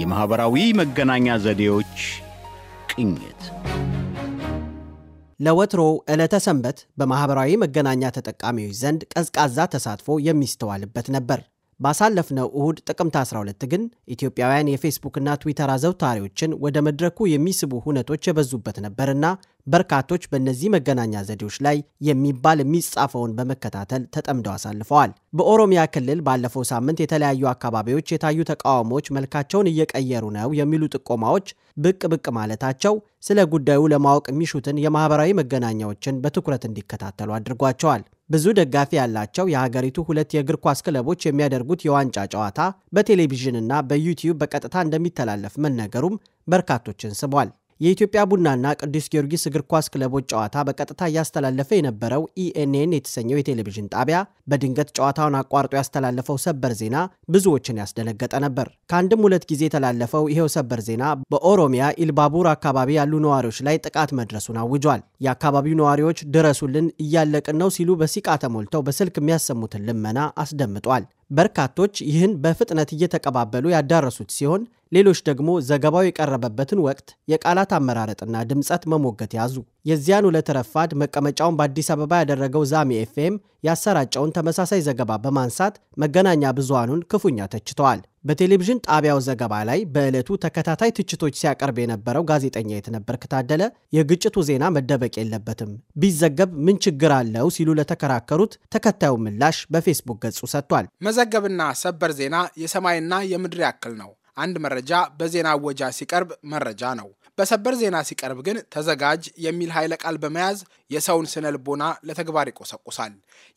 የማኅበራዊ መገናኛ ዘዴዎች ቅኝት ለወትሮ ዕለተ ሰንበት በማኅበራዊ መገናኛ ተጠቃሚዎች ዘንድ ቀዝቃዛ ተሳትፎ የሚስተዋልበት ነበር። ባሳለፍነው እሁድ ጥቅምት 12 ግን ኢትዮጵያውያን የፌስቡክና ትዊተር አዘውታሪዎችን ወደ መድረኩ የሚስቡ ሁነቶች የበዙበት ነበርና በርካቶች በእነዚህ መገናኛ ዘዴዎች ላይ የሚባል የሚጻፈውን በመከታተል ተጠምደው አሳልፈዋል። በኦሮሚያ ክልል ባለፈው ሳምንት የተለያዩ አካባቢዎች የታዩ ተቃውሞዎች መልካቸውን እየቀየሩ ነው የሚሉ ጥቆማዎች ብቅ ብቅ ማለታቸው ስለ ጉዳዩ ለማወቅ የሚሹትን የማህበራዊ መገናኛዎችን በትኩረት እንዲከታተሉ አድርጓቸዋል። ብዙ ደጋፊ ያላቸው የሀገሪቱ ሁለት የእግር ኳስ ክለቦች የሚያደርጉት የዋንጫ ጨዋታ በቴሌቪዥንና በዩቲዩብ በቀጥታ እንደሚተላለፍ መነገሩም በርካቶችን ስቧል። የኢትዮጵያ ቡናና ቅዱስ ጊዮርጊስ እግር ኳስ ክለቦች ጨዋታ በቀጥታ እያስተላለፈ የነበረው ኢኤንኤን የተሰኘው የቴሌቪዥን ጣቢያ በድንገት ጨዋታውን አቋርጦ ያስተላለፈው ሰበር ዜና ብዙዎችን ያስደነገጠ ነበር። ከአንድም ሁለት ጊዜ የተላለፈው ይኸው ሰበር ዜና በኦሮሚያ ኢልባቡር አካባቢ ያሉ ነዋሪዎች ላይ ጥቃት መድረሱን አውጇል። የአካባቢው ነዋሪዎች ድረሱልን፣ እያለቅን ነው ሲሉ በሲቃ ተሞልተው በስልክ የሚያሰሙትን ልመና አስደምጧል። በርካቶች ይህን በፍጥነት እየተቀባበሉ ያዳረሱት ሲሆን ሌሎች ደግሞ ዘገባው የቀረበበትን ወቅት የቃላት አመራረጥና ድምፀት መሞገት ያዙ። የዚያኑ ዕለት ረፋድ መቀመጫውን በአዲስ አበባ ያደረገው ዛሚ ኤፍኤም ያሰራጨውን ተመሳሳይ ዘገባ በማንሳት መገናኛ ብዙሃኑን ክፉኛ ተችተዋል። በቴሌቪዥን ጣቢያው ዘገባ ላይ በዕለቱ ተከታታይ ትችቶች ሲያቀርብ የነበረው ጋዜጠኛ የተነበር ከታደለ፣ የግጭቱ ዜና መደበቅ የለበትም፣ ቢዘገብ ምን ችግር አለው ሲሉ ለተከራከሩት ተከታዩ ምላሽ በፌስቡክ ገጹ ሰጥቷል። መዘገብና ሰበር ዜና የሰማይና የምድር ያክል ነው። አንድ መረጃ በዜና አወጃ ሲቀርብ መረጃ ነው። በሰበር ዜና ሲቀርብ ግን ተዘጋጅ የሚል ኃይለ ቃል በመያዝ የሰውን ስነ ልቦና ለተግባር ይቆሰቁሳል።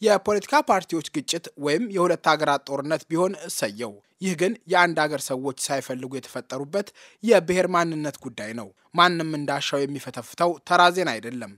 የፖለቲካ ፓርቲዎች ግጭት ወይም የሁለት ሀገራት ጦርነት ቢሆን እሰየው። ይህ ግን የአንድ አገር ሰዎች ሳይፈልጉ የተፈጠሩበት የብሔር ማንነት ጉዳይ ነው። ማንም እንዳሻው የሚፈተፍተው ተራ ዜና አይደለም።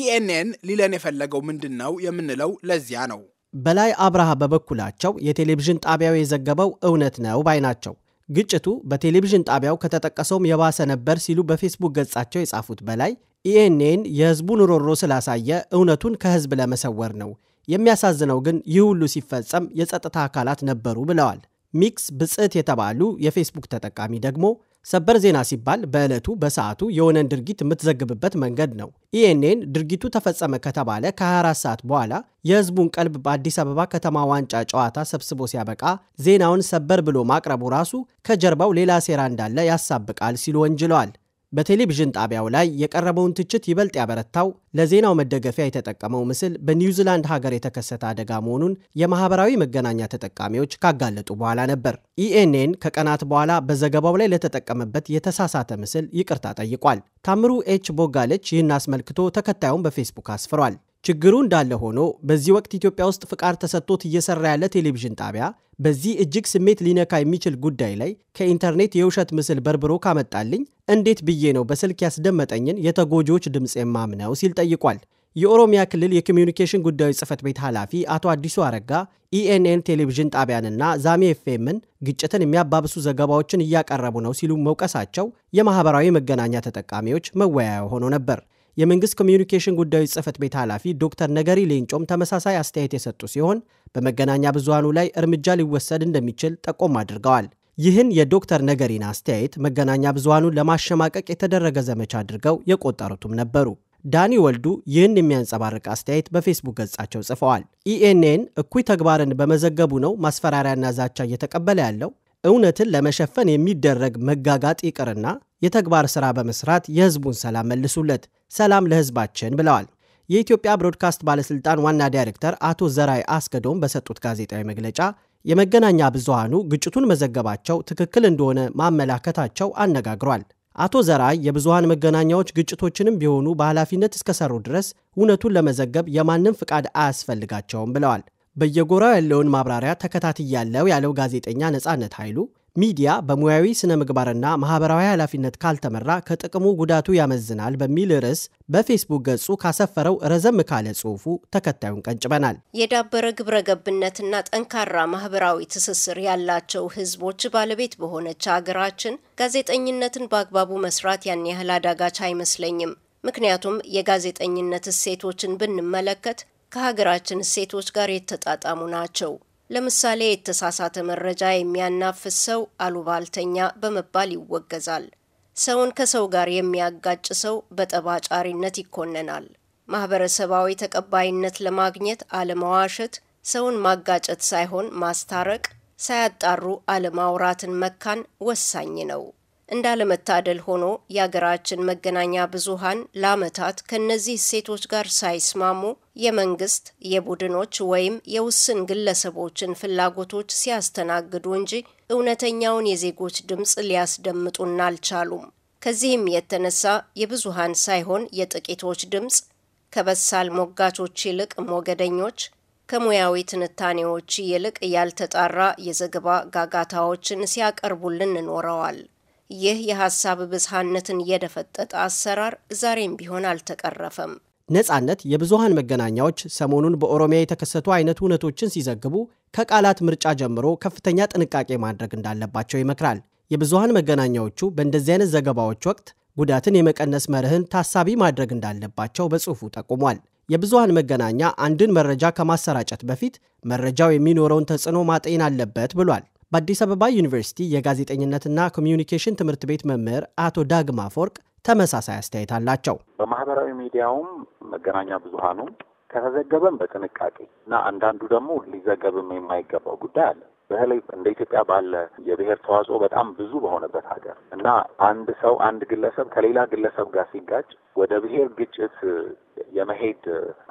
ኢኤንኤን ሊለን የፈለገው ምንድን ነው የምንለው ለዚያ ነው። በላይ አብርሃ በበኩላቸው የቴሌቪዥን ጣቢያው የዘገበው እውነት ነው ባይ ናቸው። ግጭቱ በቴሌቪዥን ጣቢያው ከተጠቀሰውም የባሰ ነበር ሲሉ በፌስቡክ ገጻቸው የጻፉት በላይ ኢኤንኤን የህዝቡን ሮሮ ስላሳየ እውነቱን ከህዝብ ለመሰወር ነው። የሚያሳዝነው ግን ይህ ሁሉ ሲፈጸም የጸጥታ አካላት ነበሩ ብለዋል። ሚክስ ብጽት የተባሉ የፌስቡክ ተጠቃሚ ደግሞ ሰበር ዜና ሲባል በዕለቱ በሰዓቱ የሆነን ድርጊት የምትዘግብበት መንገድ ነው። ኢኤንኤን ድርጊቱ ተፈጸመ ከተባለ ከ24 ሰዓት በኋላ የህዝቡን ቀልብ በአዲስ አበባ ከተማ ዋንጫ ጨዋታ ሰብስቦ ሲያበቃ ዜናውን ሰበር ብሎ ማቅረቡ ራሱ ከጀርባው ሌላ ሴራ እንዳለ ያሳብቃል ሲሉ ወንጅለዋል። በቴሌቪዥን ጣቢያው ላይ የቀረበውን ትችት ይበልጥ ያበረታው ለዜናው መደገፊያ የተጠቀመው ምስል በኒውዚላንድ ሀገር የተከሰተ አደጋ መሆኑን የማህበራዊ መገናኛ ተጠቃሚዎች ካጋለጡ በኋላ ነበር። ኢኤንኤን ከቀናት በኋላ በዘገባው ላይ ለተጠቀመበት የተሳሳተ ምስል ይቅርታ ጠይቋል። ታምሩ ኤች ቦጋለች ይህን አስመልክቶ ተከታዩን በፌስቡክ አስፍሯል። ችግሩ እንዳለ ሆኖ በዚህ ወቅት ኢትዮጵያ ውስጥ ፍቃድ ተሰጥቶት እየሰራ ያለ ቴሌቪዥን ጣቢያ በዚህ እጅግ ስሜት ሊነካ የሚችል ጉዳይ ላይ ከኢንተርኔት የውሸት ምስል በርብሮ ካመጣልኝ እንዴት ብዬ ነው በስልክ ያስደመጠኝን የተጎጂዎች ድምፅ የማምነው ሲል ጠይቋል። የኦሮሚያ ክልል የኮሚዩኒኬሽን ጉዳዮች ጽህፈት ቤት ኃላፊ አቶ አዲሱ አረጋ ኢኤንኤን ቴሌቪዥን ጣቢያንና ዛሜ ኤፍኤምን ግጭትን የሚያባብሱ ዘገባዎችን እያቀረቡ ነው ሲሉ መውቀሳቸው የማኅበራዊ መገናኛ ተጠቃሚዎች መወያያ ሆኖ ነበር። የመንግስት ኮሚዩኒኬሽን ጉዳዮች ጽህፈት ቤት ኃላፊ ዶክተር ነገሪ ሌንጮም ተመሳሳይ አስተያየት የሰጡ ሲሆን በመገናኛ ብዙሃኑ ላይ እርምጃ ሊወሰድ እንደሚችል ጠቆም አድርገዋል። ይህን የዶክተር ነገሪን አስተያየት መገናኛ ብዙሃኑን ለማሸማቀቅ የተደረገ ዘመቻ አድርገው የቆጠሩትም ነበሩ። ዳኒ ወልዱ ይህን የሚያንጸባርቅ አስተያየት በፌስቡክ ገጻቸው ጽፈዋል። ኢኤንኤን እኩይ ተግባርን በመዘገቡ ነው ማስፈራሪያና ዛቻ እየተቀበለ ያለው። እውነትን ለመሸፈን የሚደረግ መጋጋጥ ይቅርና የተግባር ሥራ በመስራት የሕዝቡን ሰላም መልሱለት፣ ሰላም ለሕዝባችን ብለዋል። የኢትዮጵያ ብሮድካስት ባለሥልጣን ዋና ዳይሬክተር አቶ ዘራይ አስገዶም በሰጡት ጋዜጣዊ መግለጫ የመገናኛ ብዙሃኑ ግጭቱን መዘገባቸው ትክክል እንደሆነ ማመላከታቸው አነጋግሯል። አቶ ዘራይ የብዙሃን መገናኛዎች ግጭቶችንም ቢሆኑ በኃላፊነት እስከሰሩ ድረስ እውነቱን ለመዘገብ የማንም ፍቃድ አያስፈልጋቸውም ብለዋል። በየጎራው ያለውን ማብራሪያ ተከታትያለው ያለው ጋዜጠኛ ነጻነት ኃይሉ ሚዲያ በሙያዊ ስነ ምግባርና ማህበራዊ ኃላፊነት ካልተመራ ከጥቅሙ ጉዳቱ ያመዝናል በሚል ርዕስ በፌስቡክ ገጹ ካሰፈረው ረዘም ካለ ጽሑፉ ተከታዩን ቀንጭበናል። የዳበረ ግብረ ገብነትና ጠንካራ ማህበራዊ ትስስር ያላቸው ህዝቦች ባለቤት በሆነች አገራችን ጋዜጠኝነትን በአግባቡ መስራት ያን ያህል አዳጋች አይመስለኝም። ምክንያቱም የጋዜጠኝነት እሴቶችን ብንመለከት ከሀገራችን እሴቶች ጋር የተጣጣሙ ናቸው። ለምሳሌ የተሳሳተ መረጃ የሚያናፍስ ሰው አሉባልተኛ በመባል ይወገዛል። ሰውን ከሰው ጋር የሚያጋጭ ሰው በጠባጫሪነት ይኮነናል። ማህበረሰባዊ ተቀባይነት ለማግኘት አለመዋሸት፣ ሰውን ማጋጨት ሳይሆን ማስታረቅ፣ ሳያጣሩ አለማውራትን መካን ወሳኝ ነው። እንዳለመታደል ሆኖ የአገራችን መገናኛ ብዙሃን ለአመታት ከእነዚህ እሴቶች ጋር ሳይስማሙ የመንግስት የቡድኖች ወይም የውስን ግለሰቦችን ፍላጎቶች ሲያስተናግዱ እንጂ እውነተኛውን የዜጎች ድምፅ ሊያስደምጡን አልቻሉም። ከዚህም የተነሳ የብዙሃን ሳይሆን የጥቂቶች ድምፅ ከበሳል ሞጋቾች ይልቅ ሞገደኞች ከሙያዊ ትንታኔዎች ይልቅ ያልተጣራ የዘገባ ጋጋታዎችን ሲያቀርቡልን ኖረዋል። ይህ የሀሳብ ብዝሃነትን የደፈጠጠ አሰራር ዛሬም ቢሆን አልተቀረፈም። ነጻነት የብዙሃን መገናኛዎች ሰሞኑን በኦሮሚያ የተከሰቱ አይነት እውነቶችን ሲዘግቡ ከቃላት ምርጫ ጀምሮ ከፍተኛ ጥንቃቄ ማድረግ እንዳለባቸው ይመክራል። የብዙሃን መገናኛዎቹ በእንደዚህ አይነት ዘገባዎች ወቅት ጉዳትን የመቀነስ መርህን ታሳቢ ማድረግ እንዳለባቸው በጽሑፉ ጠቁሟል። የብዙሃን መገናኛ አንድን መረጃ ከማሰራጨት በፊት መረጃው የሚኖረውን ተጽዕኖ ማጤን አለበት ብሏል። በአዲስ አበባ ዩኒቨርሲቲ የጋዜጠኝነትና ኮሚዩኒኬሽን ትምህርት ቤት መምህር አቶ ዳግማ አፈወርቅ ተመሳሳይ አስተያየት አላቸው። በማህበራዊ ሚዲያውም መገናኛ ብዙሃኑም ከተዘገበም በጥንቃቄ እና አንዳንዱ ደግሞ ሊዘገብም የማይገባው ጉዳይ አለ። በተለይ እንደ ኢትዮጵያ ባለ የብሔር ተዋጽኦ በጣም ብዙ በሆነበት ሀገር እና አንድ ሰው አንድ ግለሰብ ከሌላ ግለሰብ ጋር ሲጋጭ ወደ ብሔር ግጭት የመሄድ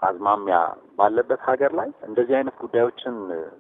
አዝማሚያ ባለበት ሀገር ላይ እንደዚህ አይነት ጉዳዮችን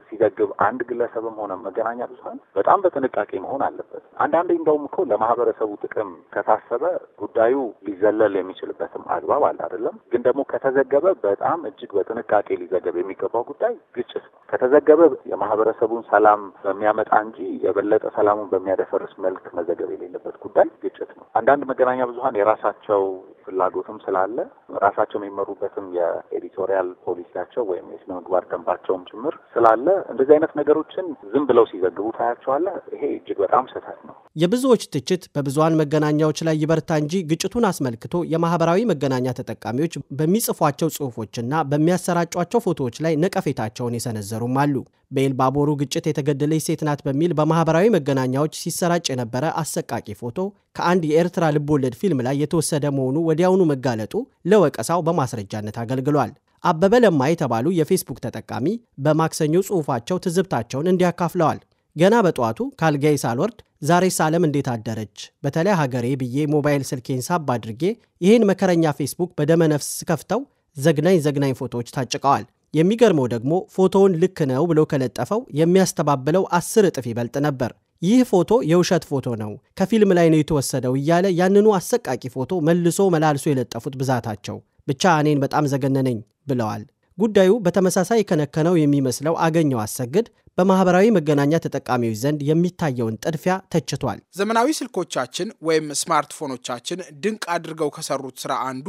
ሲዘግብ አንድ ግለሰብም ሆነ መገናኛ ብዙኃን በጣም በጥንቃቄ መሆን አለበት። አንዳንዴ እንደውም እኮ ለማህበረሰቡ ጥቅም ከታሰበ ጉዳዩ ሊዘለል የሚችልበትም አግባብ አለ አይደለም። ግን ደግሞ ከተዘገበ በጣም እጅግ በጥንቃቄ ሊዘገብ የሚገባው ጉዳይ ግጭት ነው። ከተዘገበ የማህበረሰቡን ሰላም በሚያመጣ እንጂ የበለጠ ሰላሙን በሚያደፈርስ መልክ መዘገብ የሌለበት ጉዳይ ግጭት ነው። አንዳንድ መገናኛ ብዙኃን የራሳቸው ፍላጎትም ስላለ ራሳቸው የሚመሩበትም የኤዲቶሪያል ፖሊሲያቸው ወይም የስነ ምግባር ደንባቸውም ጭምር ስላለ እንደዚህ አይነት ነገሮችን ዝም ብለው ሲዘግቡ ታያቸዋለ ይሄ እጅግ በጣም ስህተት ነው። የብዙዎች ትችት በብዙሃን መገናኛዎች ላይ ይበርታ እንጂ ግጭቱን አስመልክቶ የማህበራዊ መገናኛ ተጠቃሚዎች በሚጽፏቸው ጽሁፎችና በሚያሰራጯቸው ፎቶዎች ላይ ነቀፌታቸውን የሰነዘሩም አሉ። በኤልባቦሩ ግጭት የተገደለች ሴት ናት በሚል በማህበራዊ መገናኛዎች ሲሰራጭ የነበረ አሰቃቂ ፎቶ ከአንድ የኤርትራ ልቦወለድ ፊልም ላይ የተወሰደ መሆኑ ወዲያውኑ መጋለጡ ለወቀሳው በማስረጃነት አገልግሏል። አበበ ለማ የተባሉ የፌስቡክ ተጠቃሚ በማክሰኞ ጽሑፋቸው ትዝብታቸውን እንዲያካፍለዋል። ገና በጠዋቱ ካልጋይ ሳልወርድ ዛሬ ሳለም እንዴት አደረች በተለይ ሀገሬ ብዬ ሞባይል ስልኬን ሳብ አድርጌ ይህን መከረኛ ፌስቡክ በደመነፍስ ስከፍተው ዘግናኝ ዘግናኝ ፎቶዎች ታጭቀዋል። የሚገርመው ደግሞ ፎቶውን ልክ ነው ብሎ ከለጠፈው የሚያስተባብለው አስር እጥፍ ይበልጥ ነበር። ይህ ፎቶ የውሸት ፎቶ ነው፣ ከፊልም ላይ ነው የተወሰደው እያለ ያንኑ አሰቃቂ ፎቶ መልሶ መላልሶ የለጠፉት ብዛታቸው ብቻ እኔን በጣም ዘገነነኝ ብለዋል። ጉዳዩ በተመሳሳይ የከነከነው የሚመስለው አገኘው አሰግድ በማህበራዊ መገናኛ ተጠቃሚዎች ዘንድ የሚታየውን ጥድፊያ ተችቷል። ዘመናዊ ስልኮቻችን ወይም ስማርትፎኖቻችን ድንቅ አድርገው ከሰሩት ስራ አንዱ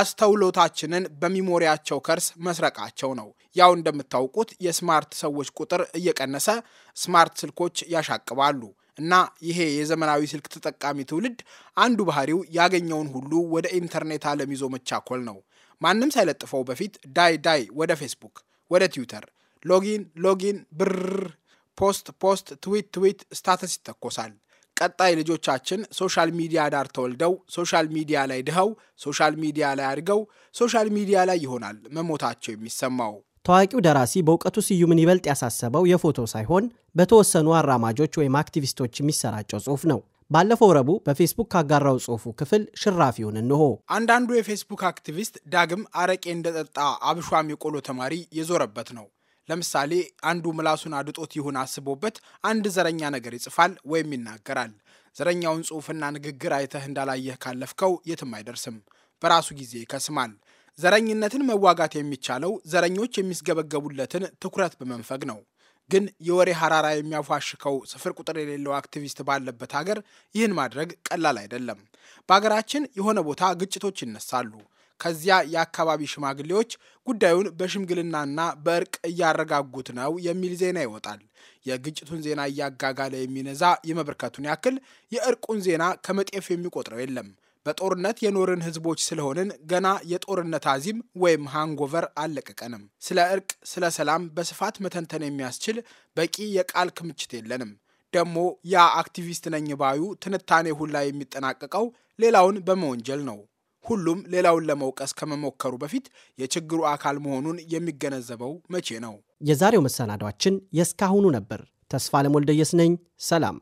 አስተውሎታችንን በሚሞሪያቸው ከርስ መስረቃቸው ነው። ያው እንደምታውቁት የስማርት ሰዎች ቁጥር እየቀነሰ ስማርት ስልኮች ያሻቅባሉ እና ይሄ የዘመናዊ ስልክ ተጠቃሚ ትውልድ አንዱ ባህሪው ያገኘውን ሁሉ ወደ ኢንተርኔት ዓለም ይዞ መቻኮል ነው። ማንም ሳይለጥፈው በፊት ዳይ ዳይ ወደ ፌስቡክ፣ ወደ ትዊተር፣ ሎጊን ሎጊን፣ ብር፣ ፖስት ፖስት፣ ትዊት ትዊት፣ ስታተስ ይተኮሳል። ቀጣይ ልጆቻችን ሶሻል ሚዲያ ዳር ተወልደው ሶሻል ሚዲያ ላይ ድኸው ሶሻል ሚዲያ ላይ አድገው ሶሻል ሚዲያ ላይ ይሆናል መሞታቸው የሚሰማው። ታዋቂው ደራሲ በእውቀቱ ስዩምን ይበልጥ ያሳሰበው የፎቶ ሳይሆን በተወሰኑ አራማጆች ወይም አክቲቪስቶች የሚሰራጨው ጽሑፍ ነው። ባለፈው ረቡዕ በፌስቡክ ካጋራው ጽሑፉ ክፍል ሽራፊውን እንሆ። አንዳንዱ የፌስቡክ አክቲቪስት ዳግም አረቄ እንደጠጣ አብሿም የቆሎ ተማሪ የዞረበት ነው። ለምሳሌ አንዱ ምላሱን አድጦት ይሁን አስቦበት አንድ ዘረኛ ነገር ይጽፋል ወይም ይናገራል። ዘረኛውን ጽሑፍና ንግግር አይተህ እንዳላየህ ካለፍከው የትም አይደርስም፣ በራሱ ጊዜ ይከስማል። ዘረኝነትን መዋጋት የሚቻለው ዘረኞች የሚስገበገቡለትን ትኩረት በመንፈግ ነው። ግን የወሬ ሀራራ የሚያፏሽከው ስፍር ቁጥር የሌለው አክቲቪስት ባለበት ሀገር ይህን ማድረግ ቀላል አይደለም። በሀገራችን የሆነ ቦታ ግጭቶች ይነሳሉ። ከዚያ የአካባቢ ሽማግሌዎች ጉዳዩን በሽምግልናና በእርቅ እያረጋጉት ነው የሚል ዜና ይወጣል። የግጭቱን ዜና እያጋጋለ የሚነዛ የመበርከቱን ያክል የእርቁን ዜና ከመጤፍ የሚቆጥረው የለም። በጦርነት የኖርን ህዝቦች ስለሆንን ገና የጦርነት አዚም ወይም ሃንጎቨር አልለቀቀንም። ስለ እርቅ፣ ስለ ሰላም በስፋት መተንተን የሚያስችል በቂ የቃል ክምችት የለንም። ደግሞ ያ አክቲቪስት ነኝ ባዩ ትንታኔ ሁላ የሚጠናቀቀው ሌላውን በመወንጀል ነው። ሁሉም ሌላውን ለመውቀስ ከመሞከሩ በፊት የችግሩ አካል መሆኑን የሚገነዘበው መቼ ነው? የዛሬው መሰናዷችን የእስካሁኑ ነበር። ተስፋ ለሞልደየስ ነኝ። ሰላም።